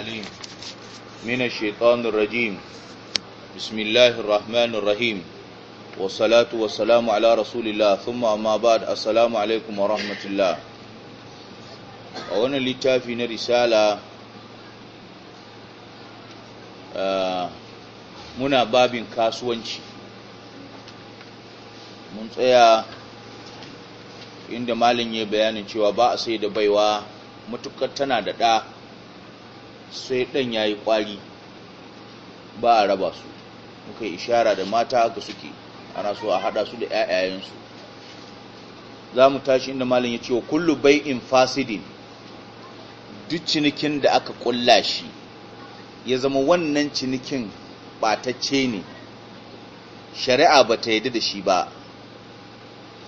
العليم من الشيطان الرجيم بسم الله الرحمن الرحيم والصلاة والسلام على رسول الله ثم أما بعد السلام عليكم ورحمة الله وانا لتافي رسالة منا باب kasuwanci mun tsaya inda malin ya bayanin cewa ba a sai da baiwa matukar tana da ɗa sai ɗan ya yi ƙwari ba a raba su muka yi ishara da mata haka suke ana so a haɗa su da 'ya'yayensu za mu tashi inda malin ya ce wa kullu bai'in fasidin duk cinikin da aka ƙulla shi ya zama wannan cinikin ɓatacce ne shari'a ba ta yadda da shi ba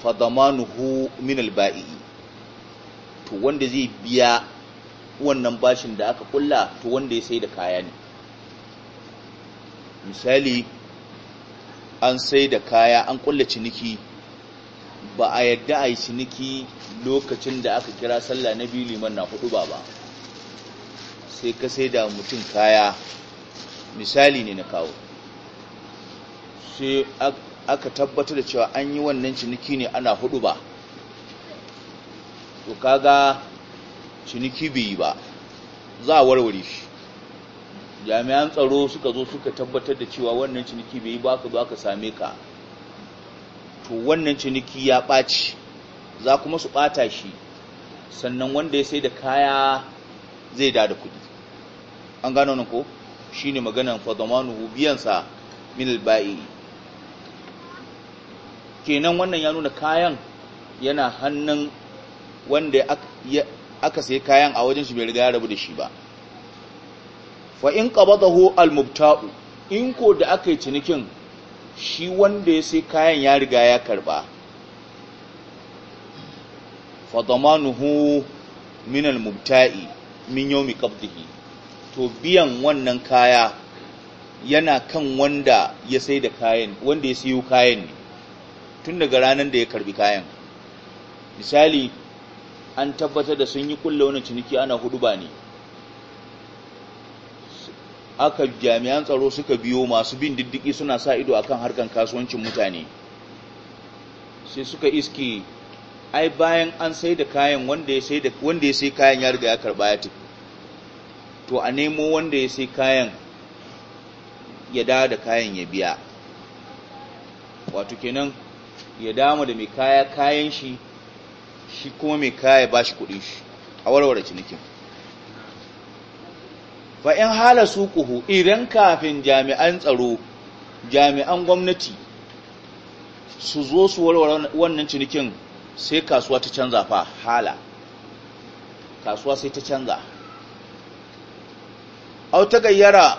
fadamanuhu min ba'i, to wanda zai biya wannan bashin da aka kulla to wanda ya sai da kaya ne misali an sai da kaya an kulla ciniki ba a yadda a yi ciniki lokacin da aka kira sallah na biyu liman na hudu ba ba sai ka sai da mutum kaya misali ne na kawo sai aka tabbatar da cewa an yi wannan ciniki ne ana hudu ba to kaga ciniki bai yi ba za a warware shi jami'an tsaro suka zo suka tabbatar da cewa wannan ciniki bai yi ba ka ba ka same ka to wannan ciniki ya ɓaci za kuma su ɓata shi sannan wanda ya sai da kaya zai da da kuɗi an gano nan ko shi ne maganan fadamanu biyansa min alba'i kenan wannan ya nuna kayan yana hannun wanda aka sai kayan a wajen shi bai riga ya rabu da shi ba fa in qabadahu al-mubta'u in ko da aka yi cinikin shi wanda ya sai kayan ya riga ya karba fa damanuhu min al-mubta'i min yawmi qabdihi to biyan wannan kaya yana kan wanda ya sai da kayan wanda ya sayo kayan ne tun daga ranar da ya karbi kayan misali an tabbatar da sun yi kulle wani ciniki ana hudu ba ne aka jami'an tsaro suka biyo masu bin diddiki suna sa ido akan harkan kasuwancin mutane sai suka iske. ai bayan an sai da kayan wanda ya sai kayan ya riga ya karba ya tafi to a nemo wanda ya sai kayan ya dawo da kayan ya biya wato kenan ya dama da mai kaya kayan shi shi kuma mai kaya ba shi kudin shi a warware cinikin fa'in hala su kuhu idan kafin jami'an tsaro jami'an gwamnati su zo su warware wannan cinikin sai kasuwa ta canza fa hala kasuwa sai ta canza au ta gayyara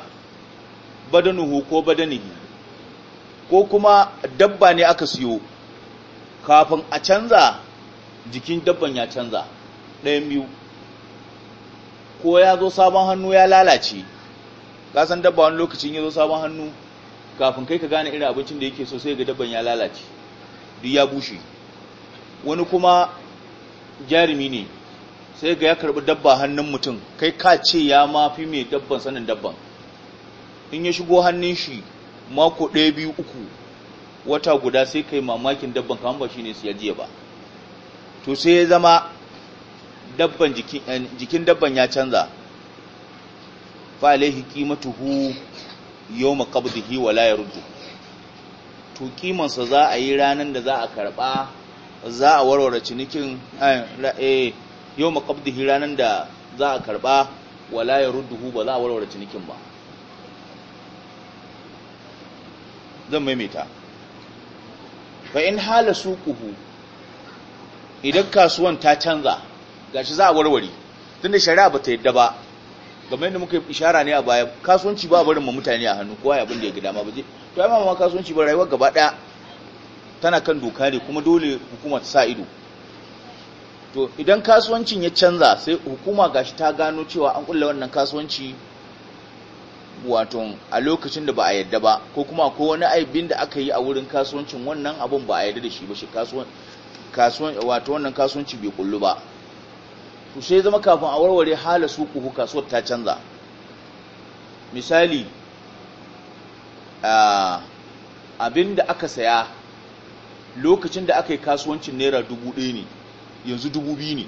badanuhu ko badanihi ko kuma dabba ne aka siyo kafin a canza jikin dabban ya canza ɗayan biyu ko ya zo sabon hannu ya lalace kasan dabba wani lokacin ya zo sabon hannu kafin kai ka gane irin abincin da yake sosai sai ga dabban ya lalace duk ya bushe wani kuma jarumi ne sai ga ya karbi dabba hannun mutum kai ka ce ya mafi mai dabban sanin dabban in ya shigo hannun shi mako ɗaya biyu uku wata guda sai kai mamakin dabban kamar ba shi ne su jiya ba to sai ya zama dabban eh, jikin dabban ya canza fa alaihi qimatuhu yawma qabdihi wa la yaruddu to kimansa za a yi ranan da za a karba za a warware cinikin eh, eh yawma qabdihi ranan da za a karba wa la yarudduhu ba za a warware cinikin ba zan maimaita fa in hala suquhu idan kasuwan ta canza gashi za a warware tunda shari'a ba ta yadda ba game da muka ishara ne a baya kasuwanci ba barin mutane a hannu kowa abin da ya gida ma ba je to ai ma kasuwanci ba rayuwar gaba daya tana kan doka ne kuma dole hukuma ta sa ido to idan kasuwancin ya canza sai hukuma gashi ta gano cewa an kulle wannan kasuwanci wato a lokacin da ba a yadda ba ko kuma ko wani aibin da aka yi a wurin kasuwancin wannan abun ba a yadda da shi ba shi kasuwan wato wannan kasuwanci bai kullu ba to sai zama kafin a warware hala kuhu kasuwar ta canza misali abin da aka saya lokacin da aka yi kasuwancin naira dubu ɗaya ne yanzu dubu biyu ne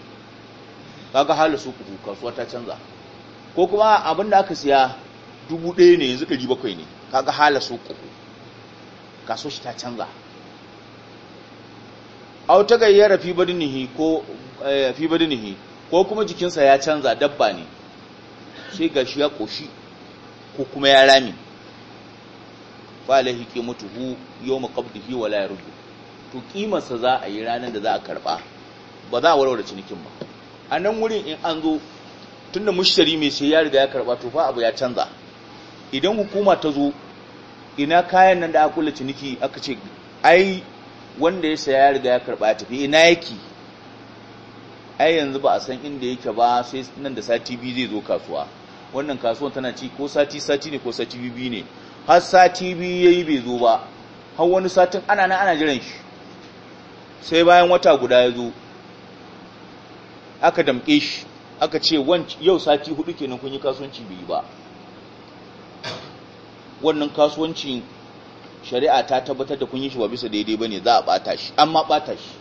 kaga hala kuhu kasuwar ta canza ko kuma abin da aka saya dubu ɗaya ne yanzu ɗari bakwai ne kaga hala kuhu kasuwar ta canza aw ta fi a ko eh, fi nihi, ko kuma jikinsa ya canza dabba ne sai gashi ya koshi ko kuma ya rami fa alaihi qimatuhu yawm qabdihi wa la yarud to kimarsa za a yi ranar da za a karba ba za a warware cinikin ba a nan wurin in an zo tunda mushtari mai sai ya riga ya karba to fa abu ya canza idan hukuma ta zo ina kayan nan da aka kula ciniki aka ce ai wanda ya saya ya riga ya karɓa tafi ina yake ai yanzu ba a san inda yake ba sai nan da sati biyu zai zo kasuwa wannan kasuwan tana ci ko sati sati ne ko sati biyu ne har sati biyu yayi bai zo ba har wani satin ana nan ana jiran shi sai bayan wata guda ya zo aka damƙe shi aka ce yau sati hudu kenan kun yi kasuwanci bai ba wannan kasuwancin shari'a ta tabbatar da kun yi shi ba bisa daidai bane za a bata shi an ma bata shi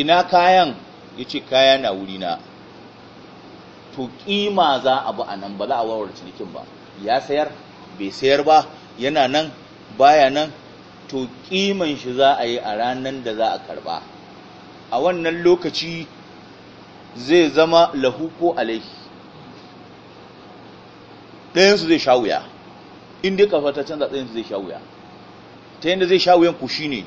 ina kayan yace kaya na wuri na to kima za a bu anan ba za a warware cinikin ba ya sayar bai sayar ba yana nan baya nan to kiman shi za a yi a ranan da za a karba a wannan lokaci zai zama lahu ko alaihi ɗayansu zai sha wuya in dai kasuwa ta canza tsayin zai sha wuya ta yadda zai sha wuyan ku shi ne,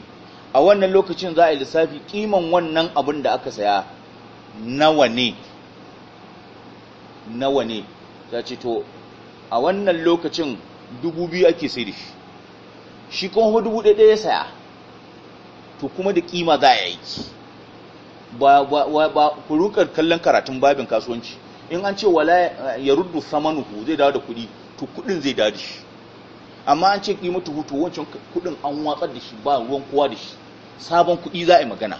a wannan lokacin za a yi lissafi kiman wannan abin da aka saya nawa ne nawa ne za ce to a wannan lokacin dubu biyu ake sai da shi shi kuma dubu ɗaya ya saya to kuma da kima za a yi ba ku rukar kallon karatun babin kasuwanci in an ce wala ya ruddu samanuhu zai dawo da kuɗi to kuɗin zai dawo da shi amma an ce mutu hutu wancan kudin an watsar da shi ba ruwan kowa da shi sabon kudi za a yi magana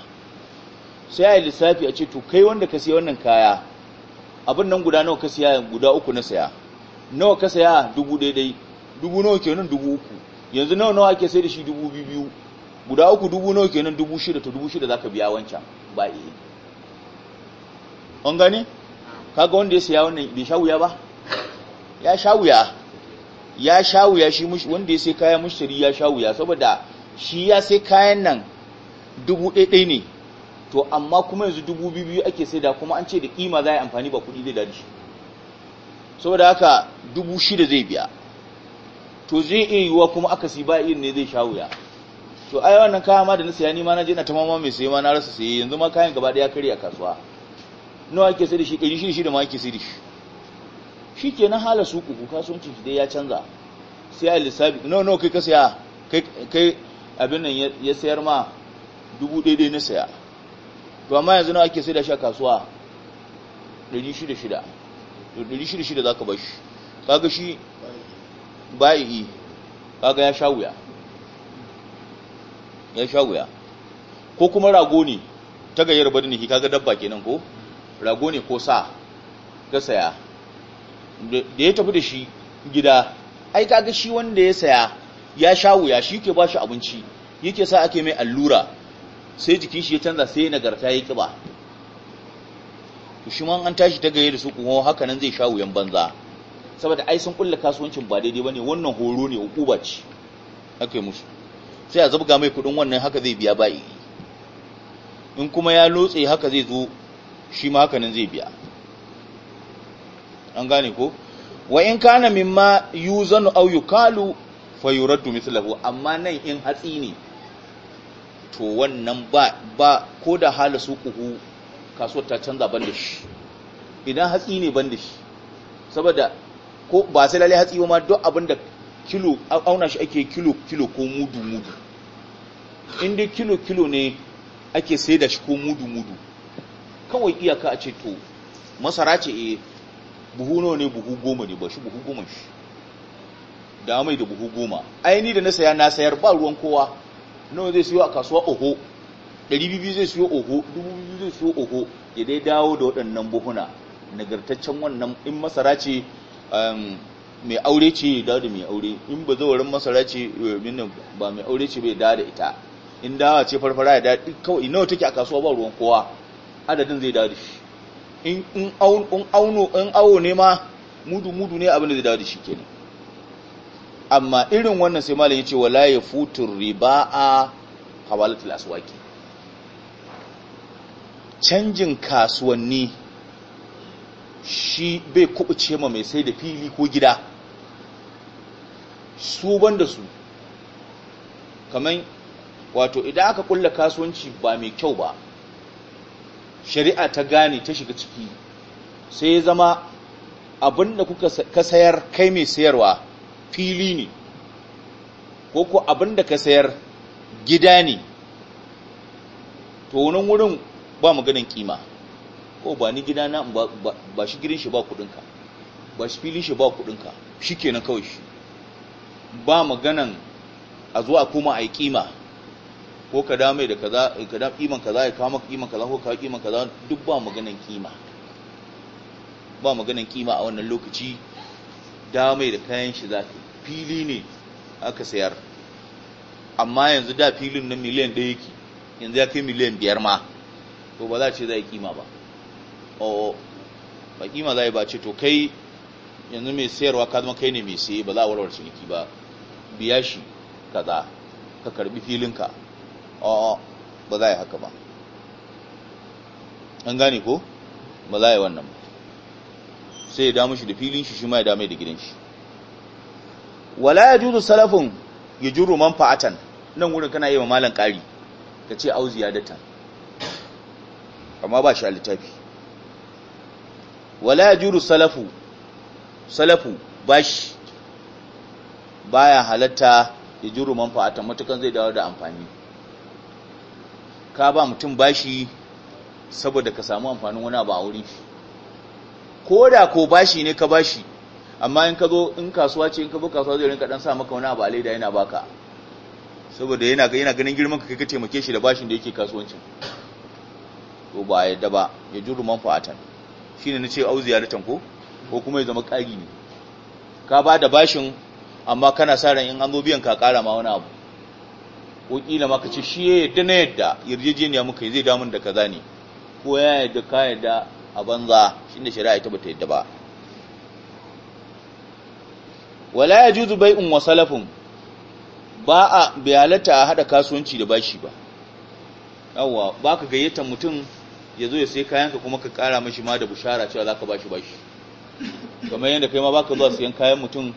sai ya yi lissafi a ce to kai wanda ka siya wannan kaya abin nan guda nawa ka siya guda uku na saya nawa ka saya dubu daidai dubu nawa kenan dubu uku yanzu nawa nawa ake sai da shi dubu biyu biyu guda uku dubu nawa kenan dubu shida to dubu shida za ka biya wancan ba iya an gane kaga wanda ya siya wannan bai sha wuya ba ya sha wuya ya sha wuya shi wanda ya sai kayan mushtari ya sha wuya saboda shi ya sai kayan nan dubu ɗaiɗai ne to amma kuma yanzu dubu biyu ake sai da kuma an ce da ƙima za a yi amfani ba kuɗi zai dadi shi saboda haka dubu shida zai biya to zai iya yiwuwa kuma aka si ba irin ne zai sha wuya to ai wannan kaya ma da na saya ni ma na je na tamama mai saye ma na rasa saye yanzu ma kayan gaba ɗaya karya kasuwa nawa ake sai da shi ɗari shi shida ma ake sai da shi shi ke na hala su kuku kasuwancin shi dai ya canza sai a lissafi no no kai ka saya kai abin nan ya sayar ma dubu ɗaiɗai na saya to amma yanzu na ake sai da shi a kasuwa ɗari shida shida ɗari shida shida za ka bashi kaga shi yi kaga ya sha wuya ya sha wuya ko kuma rago ne ta gayyar badin ki kaga dabba kenan ko rago ne ko sa ka saya da ya tafi da shi gida ai kaga shi wanda ya saya ya sha wuya shi ke ba shi abinci yake sa ake mai allura sai jikin shi ya canza sai nagarta ya kiba shi ma an tashi ta gaye da su kuma haka nan zai sha wuyan banza saboda ai sun kulle kasuwancin ba daidai bane wannan horo ne hukuba ce aka musu sai a zabga mai kudin wannan haka zai biya ba'i. in kuma ya lotse haka zai zo shi ma haka nan zai biya an gane ko wa in kana mimma yuzanu aw yukalu fa yuraddu mithluhu amma nan in hatsi ne to wannan ba ba ko da hala suquhu kasuwar ta canza ban da shi idan hatsi ne ban da shi saboda ko ba sai lalle hatsi ba ma duk abinda da kilo auna shi ake kilo kilo ko mudu mudu in dai kilo kilo ne ake sai da shi ko mudu mudu kawai iyaka a ce to masara ce eh buhu nawa ne buhu goma ne ba shi buhu goma shi da mai da buhu goma aini da na saya na sayar ba ruwan kowa nawa zai siyo a kasuwa oho 200 zai siyo oho 2000 zai siyo oho ya dai dawo da waɗannan buhuna nagartaccen wannan in masara ce um, mai aure ce da da mai aure in ba zawarin masara ce ba mai aure ce bai dawo da ita in dawa ce farfara ya da kawai nawa take a kasuwa ba ruwan kowa adadin zai da da shi in auno in awo ne ma mudu mudu ne abin da zai dawo da shi kenan amma irin wannan sai malam yace wala yafutur riba'a hawalatul aswaqi canjin kasuwanni shi bai kubuce ma mai sai da fili ko gida su banda su kamar wato idan aka kulla kasuwanci ba mai kyau ba shari'a ta gane ta shiga ciki sai ya zama abinda kuka ka sayar kai mai sayarwa fili ne ko ko abinda ka sayar gida ne to wannan wurin ba maganin kima ko ba ni gida na ba shi girin shi ba kudinka ba shi filin shi ba kudinka shikenan kawai shi ba maganan a zuwa kuma a yi kima ko ka dame da kaza eh, ka da kiman kaza ya kama kiman kaza ko ka kiman kaza duk ba maganan kima ba maganan kima a wannan lokaci dame da kayan shi zaka fili ne aka sayar amma yanzu da filin na miliyan ɗaya yake yanzu ya kai miliyan biyar ma to ba za a ce za yi kima ba o oh, oh. ba kima za yi ba ce to kai yanzu mai sayarwa ka zama kai ne mai saye ba za a warwar ciniki ba biya shi kaza ka karbi filinka a'a ba za a yi haka ba an gane ko ba za a yi wannan ba sai ya damu shi da filin shi shi ma ya damu da gidan shi wala ya juzu salafin ya ji man fa'atan nan wurin kana yi wa malan ƙari ka ce auzi ya datta amma ba shi a littafi wala ya juru salafu salafu bashi baya halatta ya ji man fa'atan matukan zai dawo da amfani ka ba mutum bashi saboda ka samu amfanin wani abu a wurin shi ko da ko bashi ne ka bashi amma in ka zo in kasuwa ce in ka zo kasuwa zai rinka dan sa maka wani abu a leda yana baka saboda yana yana ganin girman ka kai ka taimake shi da bashin da yake kasuwancin to ba yadda ba ya juru manfa'atan shine nace au ziyaratan ko ko kuma ya zama ƙari ne ka ba da bashin amma kana sa ran in an zo biyan ka ƙara ma wani abu ko kila maka ce shi ya yadda na yadda yarjejeniya muka yi zai damun da kaza ne ko ya yadda ka yadda a banza shi da shari'a ita bata yadda ba wala ya bai in wa salafun ba a bayalata a haɗa kasuwanci da bashi ba Yawwa ba ka gayyata mutum ya zo ya sai kayanka kuma ka ƙara mashi ma da bushara cewa za zaka bashi bashi kamar yadda kai ma ba baka zuwa sayan kayan mutum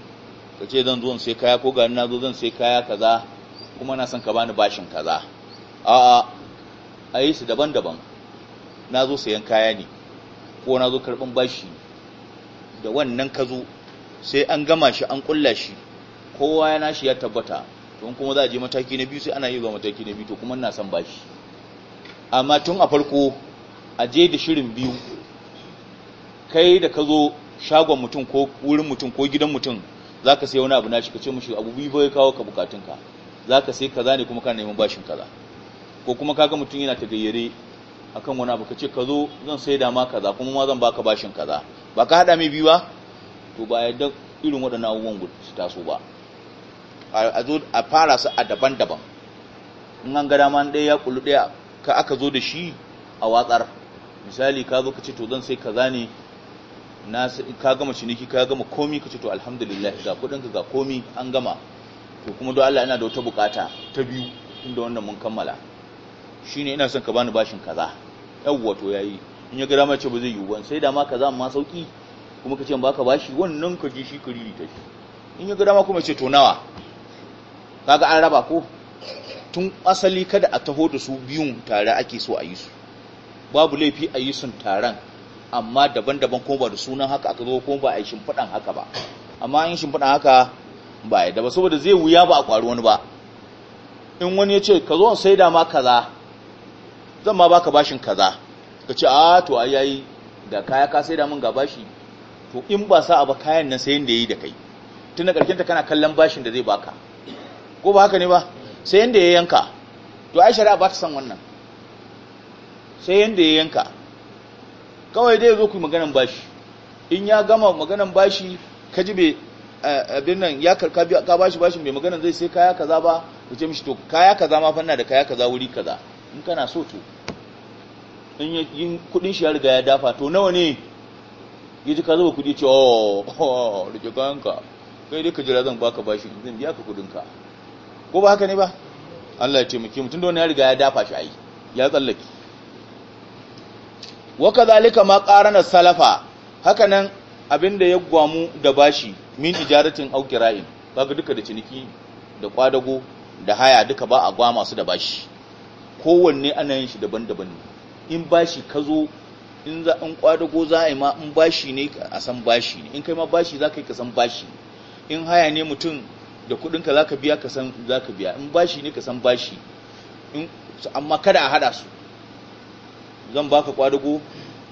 ka ce zan zo in sai kaya ko gani na zo zan sai kaya kaza kuma na son ka bani bashin kaza a'a a yi su daban-daban na zo sayan kaya ne ko na zo karɓin bashi da wannan ka zo sai an gama shi an ƙulla shi kowa ya nashi ya tabbata tun kuma za a je mataki na biyu sai ana yi zuwa mataki na biyu to kuma na son bashi amma tun a farko a je da shirin biyu kai da ka zo shagon mutum ko wurin mutum ko gidan mutum za ka sai wani abu na shi ka ce mashi abu biyu bai kawo ka bukatunka za ka sai kaza ne kuma ka neman bashin kaza ko kuma kaga mutum yana ta gayyare a kan wani abu ka ce ka zo zan sai dama kaza kuma ma zan baka bashin kaza ba ka haɗa mai biyu ba to ba yadda irin waɗannan abubuwan su taso ba a zo a fara su a daban-daban in an ga dama ɗaya ya kullu ɗaya ka aka zo da shi a watsar misali ka zo ka ce to zan sai kaza ne ka gama ciniki ka gama komi ka ce to alhamdulillah ga kuɗinka ga komi an gama to kuma don Allah ina da wata bukata ta biyu tunda wannan mun kammala shine ina son ka bani bashin kaza yawwa to yayi in ya ga dama ce ba zai yiwu ba sai da ma kaza amma sauki kuma ka ce baka bashi wannan ka ji shi kiriri ta shi in ya ga dama kuma ce to nawa kaga an raba ko tun asali kada a taho da su biyun tare ake so a yi su babu laifi a yi sun taron amma daban-daban kuma ba da sunan haka aka zo kuma ba a yi shimfiɗan haka ba amma in shimfiɗan haka ba yadda ba saboda zai wuya ba a ƙwari wani ba in wani ya ce ka zo sai da ma kaza zan ma baka bashin kaza ka ce a to ai yayi da kaya ka sai da mun ga bashi to in ba sa ba kayan nan sayin da yayi da kai tunda karkenta kana kallon bashin da zai baka ko ba haka ne ba sayin da ya yanka to ai shari'a ba ta san wannan sayin da ya yanka kawai dai zo ku maganan bashi in ya gama maganan bashi ka ji abin nan ya karka ka bashi bashin mai magana zai sai kaya kaza ba ku ce mishi to kaya kaza ma fanna da kaya kaza wuri kaza in kana so to in yin kudin shi ya riga ya dafa to nawa ne yaji ka zuba kudi ce oh, oh rike kanka kai dai ka jira zan baka bashi zan biya ka kudin ka ko ba haka ne ba Allah ya taimake mu tunda wani ya riga ya dafa shi ai ya tsallake wa kadhalika ma qarana salafa hakanan abinda ya gwamu da bashi min ijaratin au kira'in kaga duka da ciniki da kwadago da haya duka ba a gwa masu da bashi kowanne ana yin shi daban-daban ne in bashi ka zo in za in kwadago za a yi ma in bashi ne a san bashi ne in kai ma bashi za ka yi ka san bashi in haya ne mutum da kuɗinka za ka biya ka san za ka biya in bashi ne ka san bashi amma kada a hada su zan baka kwadago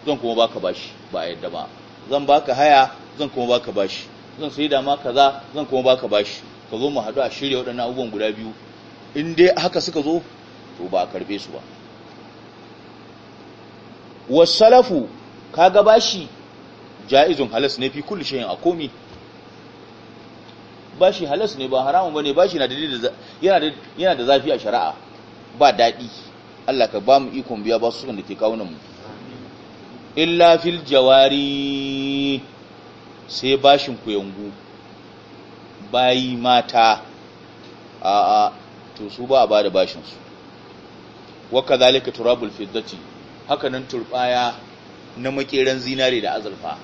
zan kuma baka bashi ba a yadda ba zan baka haya zan kuma baka bashi zan sai dama kaza zan kuma baka bashi ka zo mu haɗu a shirya waɗannan abubuwan guda biyu in dai haka suka zo to ba a karɓe su ba wasalafu kaga bashi ja'izun halas ne fi kullu shay'in a komi bashi halas ne ba haramun bane bashi na da yana da yana da zafi a shari'a ba daɗi Allah ka ba mu ikon biya ba su da ke kawunan mu illa fil jawari sai bashin kuyangu bayi mata a a to su ba a ba da bashinsu waka zalika turabul fiddati hakanan turbaya na makeran zinare da azurfa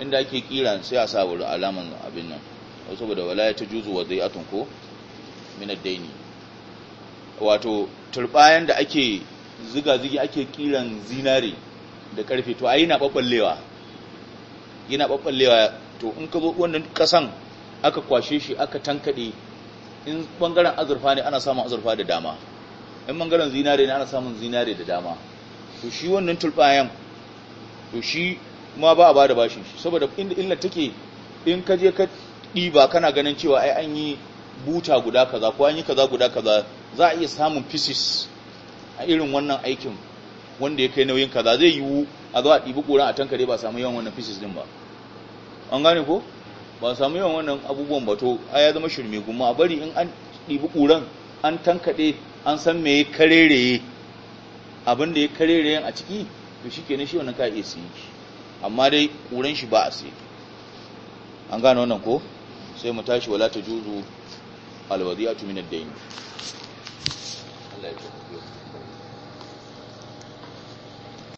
inda ake kiran sai a sa wuri alaman abin nan saboda walaya ta juzu wa zai'atun ko minad daini wato turbayan da ake ziga-zigi ake kiran zinare da karfe to ayi na babballewa yana ɓaɓɓallewa to in ka zo wannan kasan aka kwashe shi aka tankaɗe in ɓangaren azurfa ne ana samun azurfa da dama in ɓangaren zinare ne ana samun zinare da dama to shi wannan tulbayan to shi ma ba a ba da bashin shi saboda inda illa take in ka je ka kana ganin cewa ai an yi buta guda kaza ko an yi kaza guda kaza za a iya samun fisis a irin wannan aikin wanda ya kai nauyin kaza zai yiwu a zuwa a ɗibi ƙura a tankare ba samu yawan wannan fishis din ba an gane ko ba samu yawan wannan abubuwan ba to a ya zama shirme gumma a bari in an ɗibi ƙuran an tankaɗe an san me ya karereye abin da ya karereye a ciki to shi kenan shi wannan ka iya siyi amma dai ƙuran shi ba a siyi an gane wannan ko sai mu tashi wala ta juzu alwadiyatu min ad-dayn Allah ya